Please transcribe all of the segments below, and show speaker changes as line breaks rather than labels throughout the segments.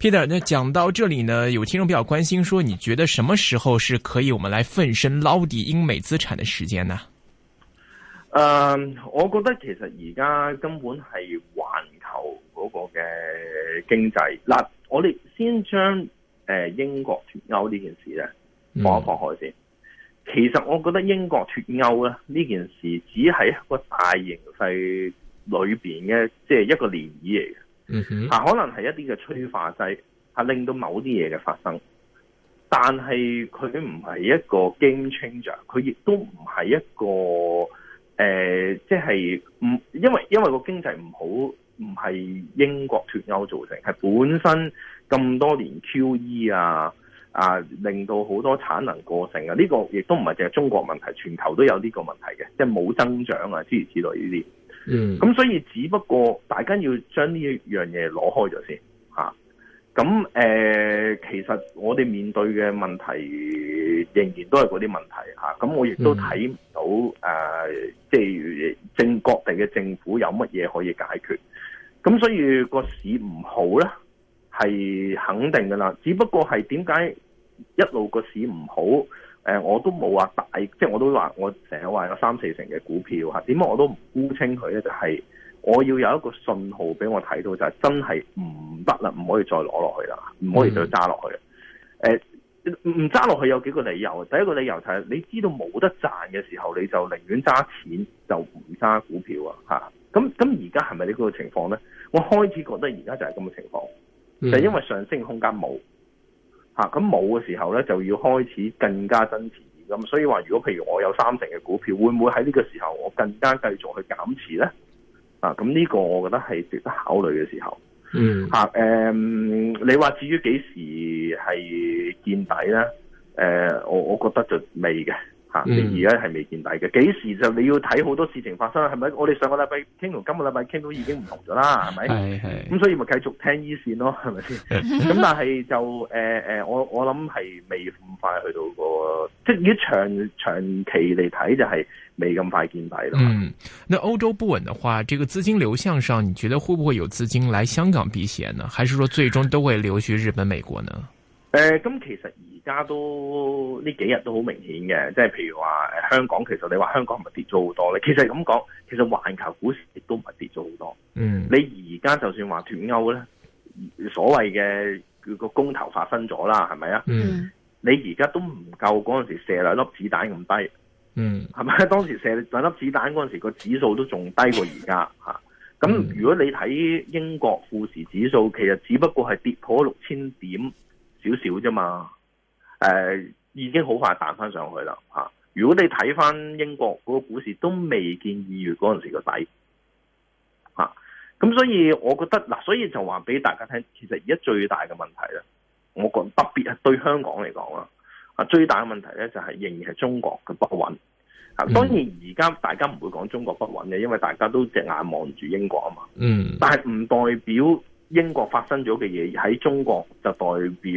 Peter，講到這裏呢，有聽眾比較關心，說你覺得什麼時候是可以我們來奮身撈底英美資產的時間呢？誒
，um, 我覺得其實而家根本係環球嗰個嘅經濟嗱，我哋先將誒、呃、英國脱歐呢件事咧放一放開先。嗯、
其實
我覺得英國脱歐咧呢這件事只係一個大形勢裏邊嘅即係一個漣漪嚟嘅。嗯哼、 啊，可能係一啲嘅催化劑、啊，令到某啲嘢嘅發生，但係佢唔係一個 game changer，佢亦都唔係一個誒，即係唔，因為因為個經濟唔好，唔係英國脫歐造成，係本身咁多年 QE 啊啊，令到好多產能過剩啊，呢個亦都唔係淨係中國問題，全球都有呢個問題嘅，即係冇增長啊，諸如此類呢啲。嗯，咁所以只不過大家要將呢一樣嘢攞開咗先吓，咁、啊、誒、呃，其實我哋面對嘅問題仍然都係嗰啲問題吓，咁、啊、我亦都睇唔到誒、嗯呃，即係正各地嘅政府有乜嘢可以解決，咁所以個市唔好咧，係肯定噶啦，只不過係點解一路個市唔好？誒、呃，我都冇話大，即係我都話我成日話有三四成嘅股票吓，點解我都唔沽清佢咧？就係、是、我要有一個信號俾我睇到，就係、是、真係唔得啦，唔可以再攞落去啦，唔可以再揸落去。誒、嗯呃，唔揸落去有幾個理由，第一個理由就係你知道冇得賺嘅時候，你就寧願揸錢就唔揸股票啊，吓。咁咁而家係咪呢個情況咧？我開始覺得而家就係咁嘅情況，就係、因為上升空間冇。嗯嗯咁冇嘅時候咧，就要開始更加增持咁，所以話如果譬如我有三成嘅股票，會唔會喺呢個時候我更加繼續去減持咧？啊，咁呢個我覺得係值得考慮嘅時候。嗯，啊、嗯，嚇，你話至於幾時係見底咧？誒、啊，我我覺得就未嘅。吓、啊，你而家係未見底嘅，幾時就你要睇好多事情發生，係咪？我哋上個禮拜傾同今個禮拜傾都已經唔同咗啦，係咪？係係，咁所以咪繼續聽一線咯，係咪先？咁但係就誒誒，我我諗係未咁快去到個，即係以長長期嚟睇就係未咁快見底咯。嗯，
那歐洲不穩嘅話，這個資金流向上，你覺得會不會有資金來香港避險呢？還是說最終都會流去日本、美國呢？
誒，咁、呃、其實而家都呢幾日都好明顯嘅，即係譬如話誒香港，其實你話香港係咪跌咗好多咧？其實咁講，其實環球股市亦都唔係跌咗好多。嗯，你而家就算話脫歐咧，所謂嘅個公投發生咗啦，係咪啊？嗯，你而家都唔夠嗰陣時射兩粒子彈咁低。
嗯，
係咪啊？當時射兩粒子彈嗰陣時個指數都仲低過而家吓。咁、嗯、如果你睇英國富時指數，其實只不過係跌破六千點。少少啫嘛，誒、呃，已經好快彈翻上去啦吓、啊！如果你睇翻英國嗰個股市，都未見二月嗰陣時個底吓，咁、啊、所以我覺得嗱、啊，所以就話俾大家聽，其實而家最大嘅問題咧，我覺得特別係對香港嚟講啦，啊，最大嘅問題咧就係仍然係中國嘅不穩啊。嗯、當然而家大家唔會講中國不穩嘅，因為大家都隻眼望住英國啊嘛。嗯。但係唔代表。英國發生咗嘅嘢，喺中國就代表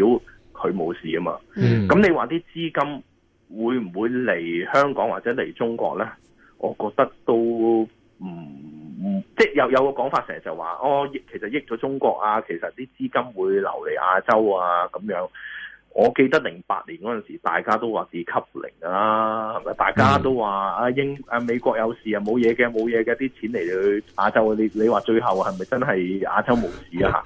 佢冇事啊嘛。咁、嗯、你話啲資金會唔會嚟香港或者嚟中國呢？我覺得都唔，即係有有個講法成日就話，哦，其實益咗中國啊，其實啲資金會流嚟亞洲啊咁樣。我記得零八年嗰陣時，大家都話是吸零噶啦，係咪？大家都話、嗯、啊，英啊美國有事啊，冇嘢嘅，冇嘢嘅，啲錢嚟到去亞洲。你你話最後係咪真係亞洲無事啊？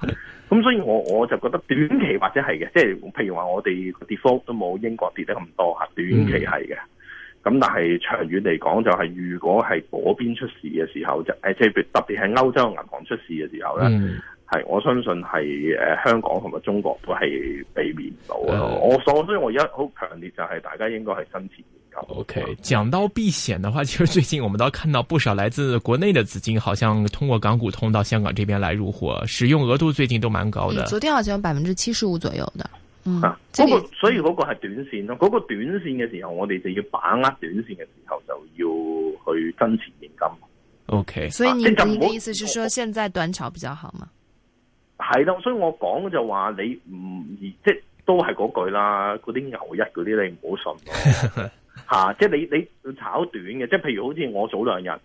咁 所以我我就覺得短期或者係嘅，即、就、係、是、譬如話我哋個跌幅都冇英國跌得咁多嚇，短期係嘅。咁、嗯、但係長遠嚟講、就是，就係如果係嗰邊出事嘅時候就誒，即係特別特別係歐洲銀行出事嘅時候咧。嗯係，我相信係誒、呃、香港同埋中國都係避免唔到。嗯、我所所以我而家好強烈就係大家應該係增持現金。O K，
講到避險的話，其實最近我們都看到不少來自國內的資金，好像通過港股通到香港這邊來入貨，使用額度最近都蠻高嘅、嗯。昨天好像有百分之七十五左右的。嗯、啊，這
裡那個所以嗰個係短線咯，嗰、那個短線嘅時候，我哋就要把握短線嘅時候就要去增持現金。O Okay , K，、啊、所以你你的意
思是說，現在短炒比較好嗎？Okay, 嗯
係咯，所以我講就話你唔、嗯、即係都係嗰句啦，嗰啲牛一嗰啲你唔好信吓、 啊，即係你你炒短嘅，即係譬如好似我早兩日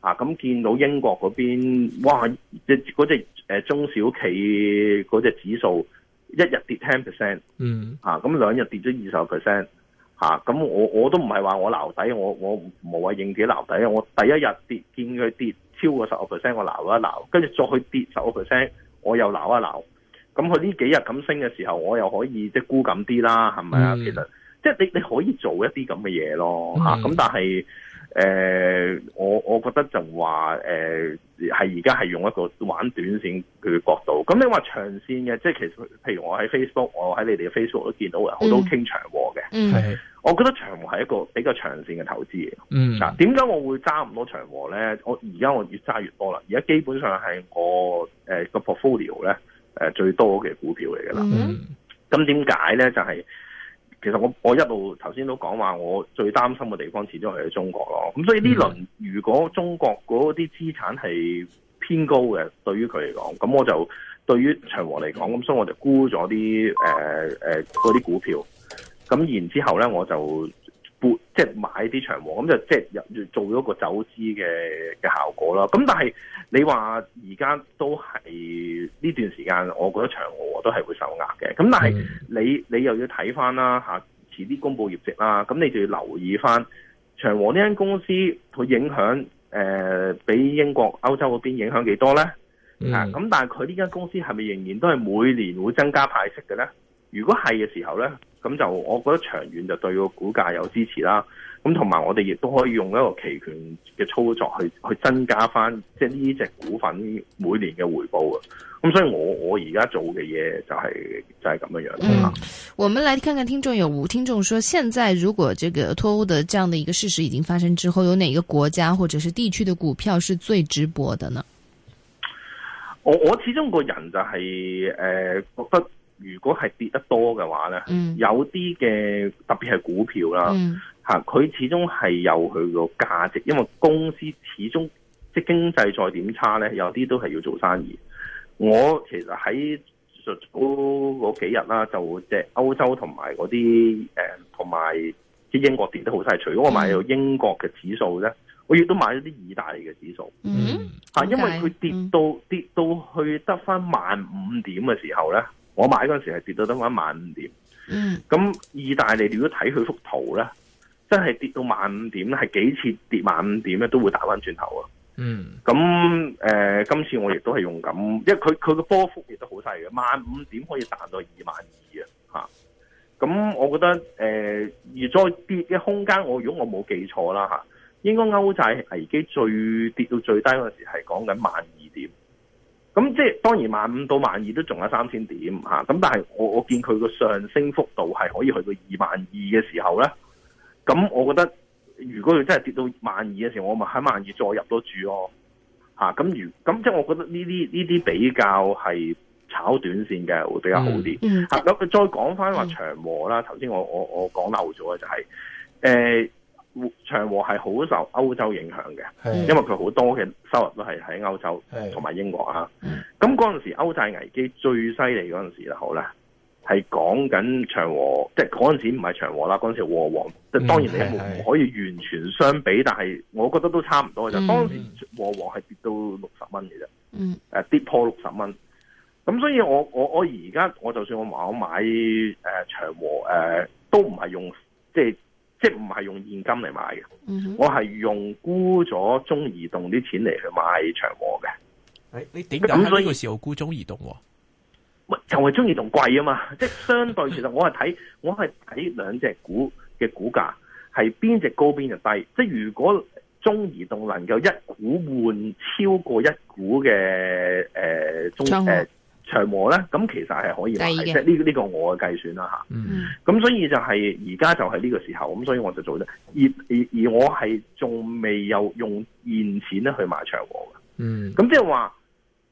啊，咁見到英國嗰邊，哇，嗰隻誒中小企嗰隻指數一日跌 ten percent，嗯，吓咁兩日跌咗二十個 percent，吓咁我我都唔係話我撈底，我我冇話應幾撈底啊，我第一日跌見佢跌超過十個 percent，我撈一撈，跟住再去跌十個 percent。我又鬧一鬧，咁佢呢幾日咁升嘅時候，我又可以即係沽緊啲啦，係咪啊？嗯、其實即係你你可以做一啲咁嘅嘢咯吓咁、嗯啊、但係。誒、呃，我我覺得就話誒，係而家係用一個玩短線佢嘅角度。咁你話長線嘅，即係其實，譬如我喺 Facebook，我喺你哋嘅 Facebook 都見到啊，好多傾長和嘅。嗯，係是。是我覺得長和係一個比較長線嘅投資嘅。嗯。嗱，點解我會揸唔多長和咧？我而家我越揸越多啦。而家基本上係我誒個、呃、portfolio 咧誒、呃、最多嘅股票嚟噶啦。嗯。咁點解咧？就係、是。其實我我一路頭先都講話，我最擔心嘅地方始終係喺中國咯。咁所以呢輪如果中國嗰啲資產係偏高嘅，對於佢嚟講，咁我就對於長和嚟講，咁所以我就沽咗啲誒誒嗰啲股票。咁然之後咧，我就。即係買啲長和，咁就即係入做咗個走資嘅嘅效果啦。咁但係你話而家都係呢段時間，我覺得長和都係會受壓嘅。咁但係你你又要睇翻啦嚇，遲啲公佈業績啦，咁你就要留意翻長和呢間公司佢影響誒，俾、呃、英國歐洲嗰邊影響幾多咧？嗯、啊，咁但係佢呢間公司係咪仍然都係每年會增加派息嘅咧？如果係嘅時候呢，咁就我覺得長遠就對個股價有支持啦。咁同埋我哋亦都可以用一個期權嘅操作去去增加返，即係呢隻股份每年嘅回報啊。咁所以我我而家做嘅嘢就係、是、就係、是、咁樣樣、嗯、
我們來看看聽眾有無？聽眾說，現在如果這個脫歐的這樣的一個事實已經發生之後，有哪個國家或者是地區的股票是最值博的呢？
我我始終個人就係、是、誒、呃、覺得。如果係跌得多嘅話咧，嗯、有啲嘅特別係股票啦，吓，佢、嗯、始終係有佢個價值，因為公司始終即係經濟再點差咧，有啲都係要做生意。我其實喺嗰幾日啦、啊，就只歐洲同埋嗰啲誒，同埋即英國跌得好犀利，除咗，我買咗英國嘅指數咧，我亦都買咗啲意大利嘅指數，吓、嗯，嗯、因為佢跌到、嗯、跌到去得翻萬五點嘅時候咧。我買嗰陣時係跌到得翻萬五點咁意大利如果睇佢幅圖咧，真係跌到萬五點咧，係幾次跌萬五點咧都會打翻轉頭啊！咁誒、呃，今次我亦都係用咁，因為佢佢個波幅亦都好細嘅，萬五點可以彈到二萬二啊！吓，咁我覺得誒、呃，而再跌嘅空間，我如果我冇記錯啦吓，應該歐債危機最跌到最低嗰陣時係講緊萬二點。咁即係當然萬五到萬二都仲有三千點吓，咁、啊、但係我我見佢個上升幅度係可以去到二萬二嘅時候咧，咁我覺得如果佢真係跌到萬二嘅時候，我咪喺萬二再入多注咯，吓、啊、咁如咁即係我覺得呢啲呢啲比較係炒短綫嘅會比較好啲，吓咁、嗯、再講翻話長和啦，頭先我我我講漏咗嘅就係、是、誒。欸長和係好受歐洲影響嘅，因為佢好多嘅收入都係喺歐洲同埋英國啊。咁嗰陣時歐債危機最犀利嗰陣時啦，好咧，係講緊長和，即係嗰陣時唔係長和啦，嗰陣時和黃，即當然你唔可以完全相比，但係我覺得都差唔多嘅，就當時和黃係跌到六十蚊嘅啫，誒跌破六十蚊。咁所以我我我而家我就算我買買誒長和誒、呃、都唔係用即係。即係唔係用現金嚟買嘅，我係用沽咗中移動啲錢嚟去買長和嘅。誒，
你點解咁呢個時候沽中移動？
咪就係中移動貴啊嘛！即係相對，其實我係睇，我係睇兩隻股嘅股價係邊隻高邊隻低。即係如果中移動能夠一股換超過一股嘅誒、呃、中誒。中長和咧，咁其實係可以買嘅，呢呢的、這個這個我嘅計算啦吓。啊、嗯，咁所以就係而家就係呢個時候，咁所以我就做咗，而而而我係仲未有用現錢咧去買長和嘅。嗯，咁即係話，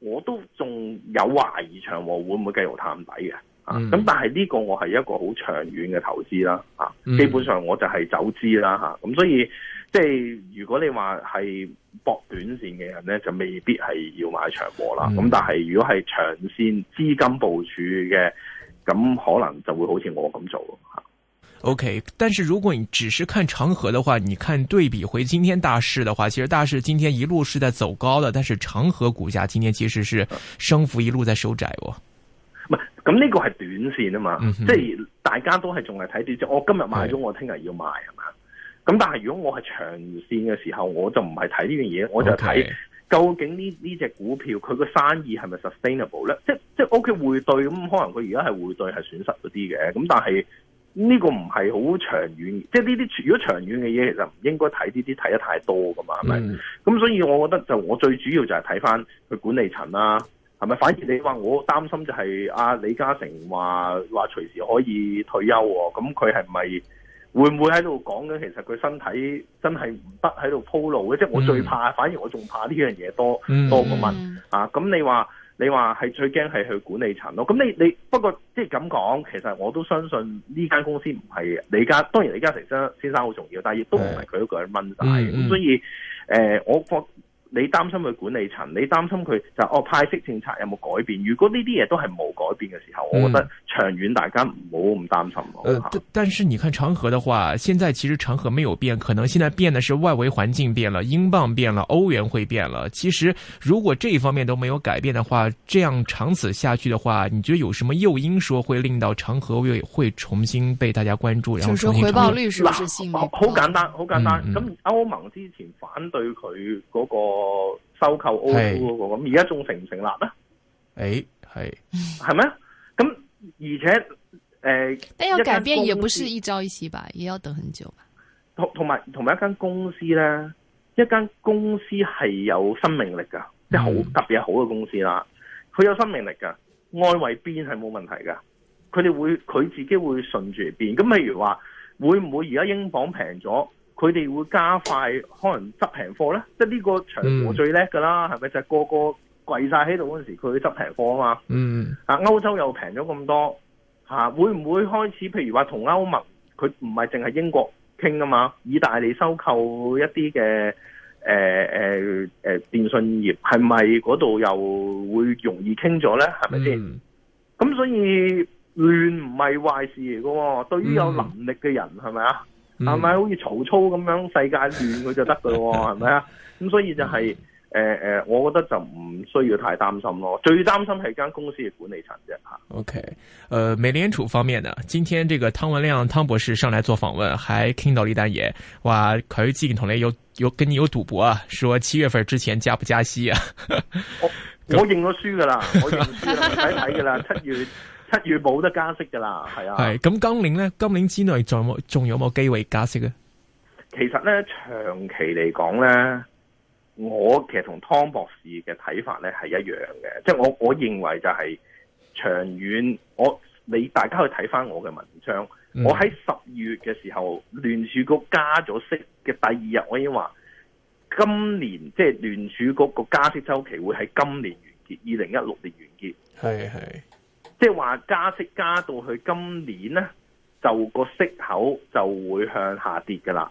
我都仲有懷疑長和會唔會繼續探底嘅啊。咁、嗯、但係呢個我係一個好長遠嘅投資啦。吓、啊，嗯、基本上我就係走資啦吓。咁、啊、所以即係、就是、如果你話係。博短線嘅人呢，就未必係要買長和啦，咁、嗯、但係如果係長線資金部署嘅，咁可能就會好似我咁做吓。
O、okay, K，但是如果你只是看長和的話，你看對比回今天大市的話，其實大市今天一路是在走高的，但是長和股價今天其實是升幅一路在收窄。唔，
咁呢個係短線啊嘛，嗯、哼即係大家都係仲係睇跌，即我今日買咗，我聽日要賣咁但係如果我係長線嘅時候，我就唔係睇呢樣嘢，Okay. 我就睇究竟呢呢隻股票佢個生意係咪 sustainable 咧？即即 ok 匯兌咁，可能佢而家係匯兌係損失咗啲嘅。咁但係呢個唔係好長遠，即係呢啲如果長遠嘅嘢，其實唔應該睇呢啲睇得太多噶嘛，係咪 mm.？咁所以我覺得就我最主要就係睇翻佢管理層啦、啊，係咪？反而你話我擔心就係、是、阿、啊、李嘉誠話話隨時可以退休、啊，咁佢係咪？會唔會喺度講咧？其實佢身體真係唔得，喺度鋪路嘅。即係我最怕，反而我仲怕呢樣嘢多，嗯、多過蚊、嗯、啊！咁你話，你話係最驚係去管理層咯？咁你你不過即係咁講，其實我都相信呢間公司唔係李家，當然李嘉誠先生好重要，但係亦都唔係佢一個人掹晒咁，所以，誒、嗯呃，我覺。你擔心佢管理層，你擔心佢就哦派息政策有冇改變？如果呢啲嘢都係冇改變嘅時候，嗯、我覺得長遠大家唔好咁擔心。但、呃、
但是你看長和的話，現在其實長和沒有變，可能現在變的是外圍環境變了，英鎊變了，歐元會變了。其實如果這方面都沒有改變的話，這樣長此下去的話，你覺得有什麼誘因，說會令到長和會會重新被大家關注？就是回報率是唔
係？好簡單，好簡單。咁、嗯嗯、歐盟之前反對佢嗰、那個。個收購 o 洲嗰、那個，咁而家仲成唔成立？咧、哎？誒，係係咩？咁而且誒，呃、要改變也不是一
朝一夕吧，也要等很久吧。
同同埋，同埋一間公司咧，一間公司係有生命力噶，嗯、即係好特別好嘅公司啦。佢有生命力噶，外圍變係冇問題噶。佢哋會，佢自己會順住變。咁譬如話，會唔會而家英鎊平咗？佢哋會加快可能執平貨呢？即、就、呢、是、個場最叻㗎啦，係咪、嗯、就是、個個跪晒喺度嗰陣時，佢會執平貨啊嘛。
嗯，
啊，歐洲又平咗咁多吓，會唔會開始譬如話同歐盟佢唔係淨係英國傾啊嘛？意大利收購一啲嘅誒誒誒電訊業，係咪嗰度又會容易傾咗呢？係咪先？咁、嗯、所以亂唔係壞事嚟喎、哦。對於有能力嘅人係咪啊？嗯是係咪好似曹操咁樣，世界亂佢就得噶咯？係咪啊？咁所以就係誒誒，我覺得就唔需要太擔心咯。最擔心係間公司嘅管理層啫。吓
，OK，誒、呃，美聯儲方面呢？今天這個湯文亮湯博士上來做訪問，還傾到一單嘢，話佢自己同你有有，有跟你有賭博啊？說七月份之前加不加息啊？
我我認咗輸噶啦，我認了輸睇睇噶啦，七月。七月冇得加息噶啦，係啊，係。
咁今年呢，今年之內仲有仲有冇機會加息呢？
其實呢，長期嚟講呢，我其實同湯博士嘅睇法呢係一樣嘅，即係我我認為就係長遠，我你大家去睇翻我嘅文章，我喺十二月嘅時候，聯儲局加咗息嘅第二日，我已經話今年即係聯儲局個加息周期會喺今年完結，二零一六年完結，係係。即係話加息加到去今年咧，就個息口就會向下跌噶啦。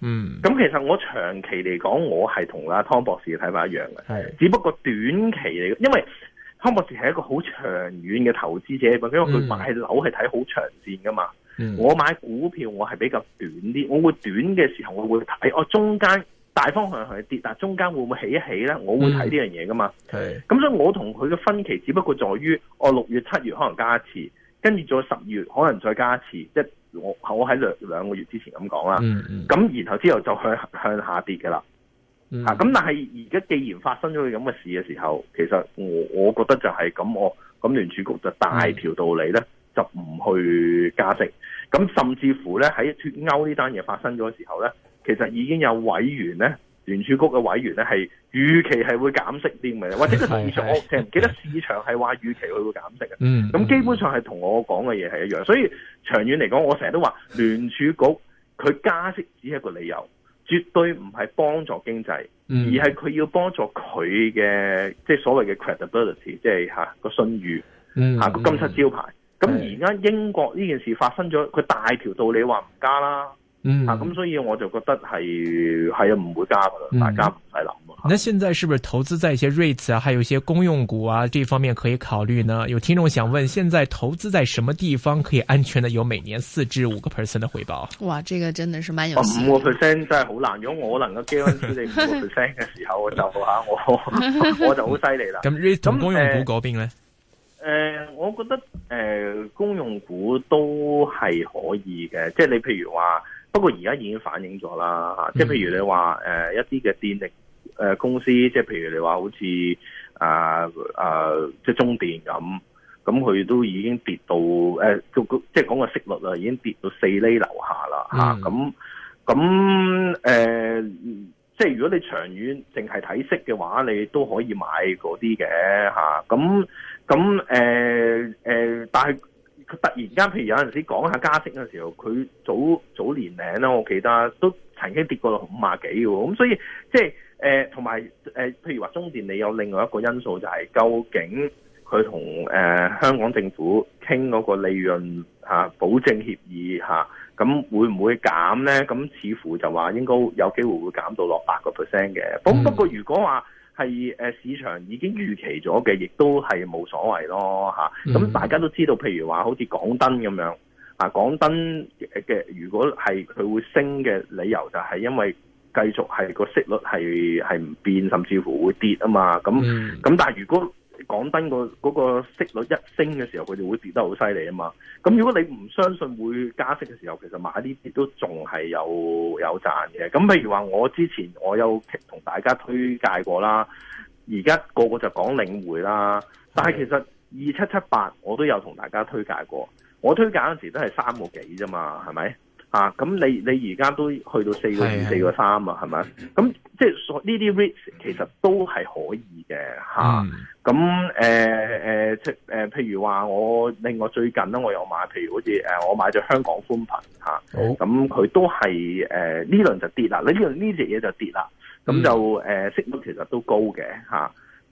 嗯，咁其實我長期嚟講，我係同阿湯博士嘅睇法一樣嘅。係是，只不過短期嚟，因為湯博士係一個好長遠嘅投資者，因為佢買樓係睇好長線噶嘛。嗯、我買股票，我係比較短啲，我會短嘅時候我會睇，我中間。大方向係跌，但係中間會唔會起一起咧？我會睇呢樣嘢噶嘛。係咁、嗯，所以我同佢嘅分歧只不過在於，我六月、七月可能加一次，跟住再十月可能再加一次。即、就、係、是、我我喺兩兩個月之前咁講啦。咁、嗯嗯、然後之後就向向下跌嘅啦。吓咁、嗯啊，但係而家既然發生咗佢咁嘅事嘅時候，其實我我覺得就係咁，我咁聯儲局就大條道理咧，嗯、就唔去加息。咁甚至乎咧喺脫歐呢單嘢發生咗嘅時候咧。其實已經有委員咧，聯儲局嘅委員咧係預期係會減息啲嘅，或者個市場是是是我淨係唔記得市場係話預期佢會減息的。嗯，咁基本上係同我講嘅嘢係一樣，所以長遠嚟講，我成日都話聯儲局佢加息只係一個理由，絕對唔係幫助經濟， 而係佢要幫助佢嘅即係所謂嘅 credibility，即係吓個信譽，
吓、啊、個金
漆招牌。咁而家英國呢件事發生咗，佢大條道理話唔加啦。嗯咁、啊、所以我就覺得係係啊，唔會加噶啦，大家唔使諗。
嗯、是那現在是不是投資在一些 rates 啊，還有一些公用股啊，這方面可以考慮呢？有聽眾想問，現在投資在什麼地方可以安全的有每年
四至五個 percent 的回報？哇，這個真的是蠻有的。五個 percent 真係好難，如果我能夠 get 到你五個 percent 嘅時候， 我就吓我我就好犀利啦。咁 rates，咁、嗯、公用
股嗰邊咧？誒、嗯
呃，我覺得誒、呃、公用股都係可以嘅，即係你譬如話。不過而家已經反映咗啦，即係譬如你話誒一啲嘅電力誒公司，即係譬如你話好似啊啊即係中電咁，咁佢都已經跌到誒即係講個息率啦，已經跌到四厘樓下啦嚇，咁咁誒即係如果你長遠淨係睇息嘅話，你都可以買嗰啲嘅嚇，咁咁誒誒，但係。佢突然間，譬如有陣時講下加息嘅時候，佢早早年零咧，我記得都曾經跌過到五啊幾嘅，咁所以即係誒同埋誒，譬如話中電，你有另外一個因素就係，究竟佢同誒香港政府傾嗰個利潤嚇、啊、保證協議嚇，咁、啊、會唔會減咧？咁似乎就話應該有機會會減到落八個 percent 嘅。咁不過如果話，嗯係誒，是市場已經預期咗嘅，亦都係冇所謂咯嚇。咁、mm hmm. 大家都知道，譬如話好似港燈咁樣啊，港燈嘅如果係佢會升嘅理由，就係因為繼續係個息率係係唔變，甚至乎會跌啊嘛。咁咁、mm hmm. 但係如果。港燈個嗰個息率一升嘅時候，佢哋會跌得好犀利啊嘛！咁如果你唔相信會加息嘅時候，其實買啲跌都仲係有有賺嘅。咁譬如話，我之前我有同大家推介過啦，而家個個就講領匯啦，但係其實二七七八我都有同大家推介過，我推介嗰陣時都係三個幾啫嘛，係咪？咁、啊、你你而家都去到四個二、的四個三啊，係咪？咁即係呢啲 risk 其實都係可以嘅。咁誒即誒譬如話我另外最近咧，我又買，譬如好似我買咗香港寬頻咁佢、啊、好都係誒呢輪就跌啦，呢輪呢隻嘢就跌啦，咁、嗯、就誒、呃、息率其實都高嘅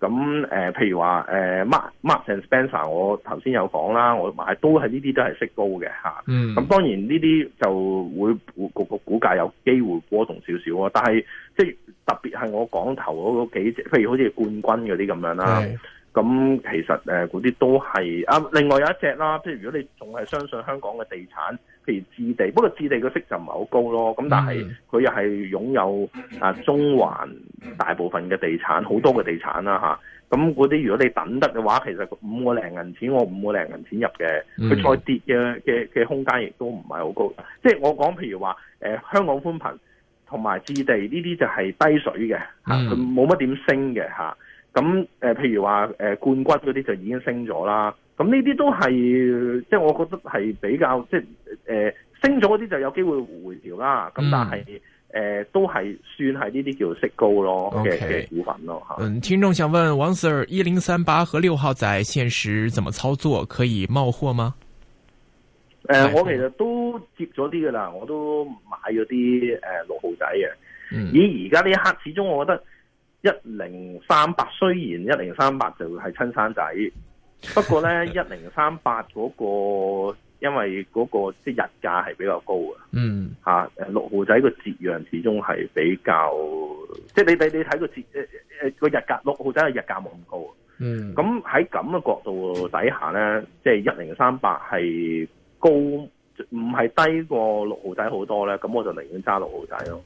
咁誒、呃，譬如話誒，Mark、Mark, Mark and Spencer，我頭先有講啦，我買都係呢啲都係息高嘅吓、嗯啊、咁當然呢啲就會個個股價有機會波動少少啊。但係即係特別係我講頭嗰個幾隻，譬如好似冠軍嗰啲咁樣啦。咁其實誒嗰啲都係啊，另外有一隻啦，即係如，如果你仲係相信香港嘅地產，譬如置地，不過置地嘅息就唔係好高咯。咁但係佢又係擁有啊中環大部分嘅地產，好多嘅地產啦嚇。咁嗰啲如果你等得嘅話，其實五個零銀錢我五個零銀錢入嘅，佢再跌嘅嘅嘅空間亦都唔係好高。即係我講譬如話、呃、香港寬頻同埋置地呢啲就係低水嘅嚇，佢冇乜點升嘅嚇。咁誒、呃，譬如話誒、呃、冠軍嗰啲就已經升咗啦，咁呢啲都係即係我覺得係比較即係誒升咗嗰啲就有機會回調啦。咁、嗯、但係誒、呃、都係算係呢啲叫息高咯嘅嘅 Okay. 股份咯吓。
嗯，聽眾想問王 Sir，一零三八和六號仔現時怎麼操作？可以冒貨嗎？
誒、呃，嗯、我其實都接咗啲㗎喇，我都買咗啲誒六號仔嘅。嗯，而家呢一刻，始終我覺得。一零三八雖然一零三八就係親生仔，不過呢，一零三八嗰個因為嗰、嗰個即係日價係比較高嘅，嗯吓、啊，六號仔個折讓始終係比較，即係你你你睇個折個、呃、日價六號仔嘅日價冇咁高，嗯，咁喺咁嘅角度底下呢，即係一零三八係高唔係低過六號仔好多呢。咁我就寧願揸六號仔咯。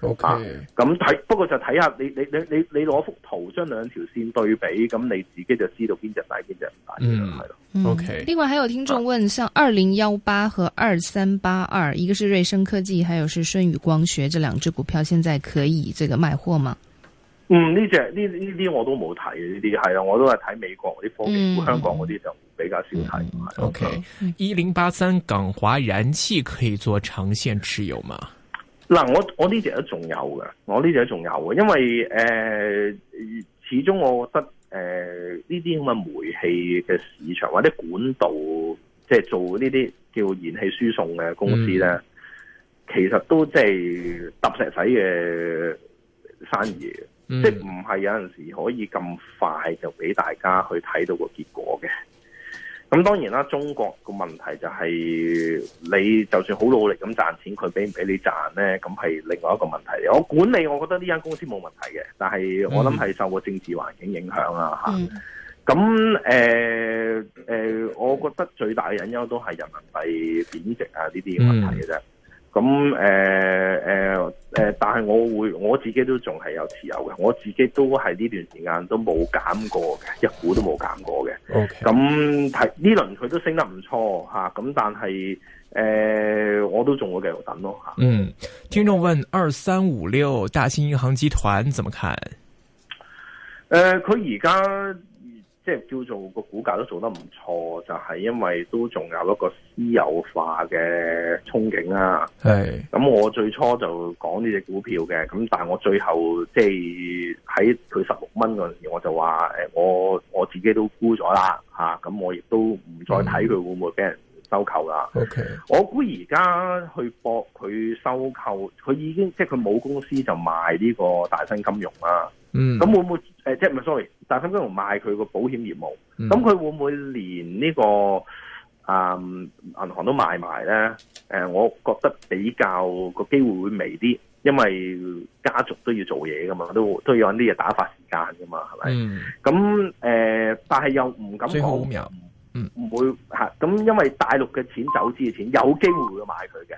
好嘅，咁睇、okay，啊、不過就睇下你你你你你攞幅圖，將兩條線對比，咁你自己就知道邊隻大邊隻唔大，係咯。O K、
嗯。Okay，另外還有聽眾問，啊、像二零幺八和二三八二，一個是瑞聲科技，還有是舜宇光學，這兩隻股票現在可以這個賣貨嗎？嗯，
呢隻呢呢啲我都冇睇，呢啲係啊，我都係睇美國啲科技股，嗯、香港嗰啲就比較少睇。O K、
嗯。一零八三港華燃氣可以做長線持有嗎？
嗱，我我呢隻都仲有嘅，我呢隻都仲有嘅，因為誒、呃，始終我覺得誒，呢啲咁嘅煤氣嘅市場或者管道，即係做呢啲叫燃氣輸送嘅公司咧，嗯、其實都即係揼石仔嘅生意，嗯、即係唔係有陣時可以咁快就俾大家去睇到個結果嘅。咁當然啦，中國個問題就係你就算好努力咁賺錢，佢俾唔俾你賺咧？咁係另外一個問題。我管理，我覺得呢間公司冇問題嘅，但係我諗係受個政治環境影響啦嚇。咁誒誒，我覺得最大嘅隱憂都係人民幣貶值啊呢啲問題嘅啫。咁誒誒誒，但係我會我自己都仲係有持有嘅，我自己都係呢段時間都冇減過嘅，一股都冇減過嘅。O K，咁睇呢輪佢都升得唔錯嚇，咁、啊、但係誒、呃、我都仲會繼續等咯嚇。嗯，
聽眾問二三五六大新銀行集團怎麼看？
誒、呃，佢而家。即係叫做個股價都做得唔錯，就係，是，因為都仲有一個私有化嘅憧憬啦、啊。
係是，咁，嗯，
我最初就講呢隻股票嘅，咁但係我最後即係喺佢十六蚊嗰陣時候我說，我就話誒，我我自己都沽咗啦嚇，咁我亦都唔再睇佢會唔會俾人收購啦。OK，我估而家去博佢收購，佢已經即係佢冇公司就賣呢個大新金融啦、啊嗯嗯。嗯，咁會唔會誒？即係唔係？Sorry。但係新疆同賣佢個保險業務，咁佢會唔會連呢、這個啊銀、嗯、行都賣埋咧？誒、呃，我覺得比較個機會會微啲，因為家族都要做嘢噶嘛，都都要揾啲嘢打發時間噶嘛，係咪？咁誒、嗯呃，但係又唔敢講唔、嗯、會吓，咁、嗯、因為大陸嘅錢走資嘅錢，有機
會會賣佢嘅。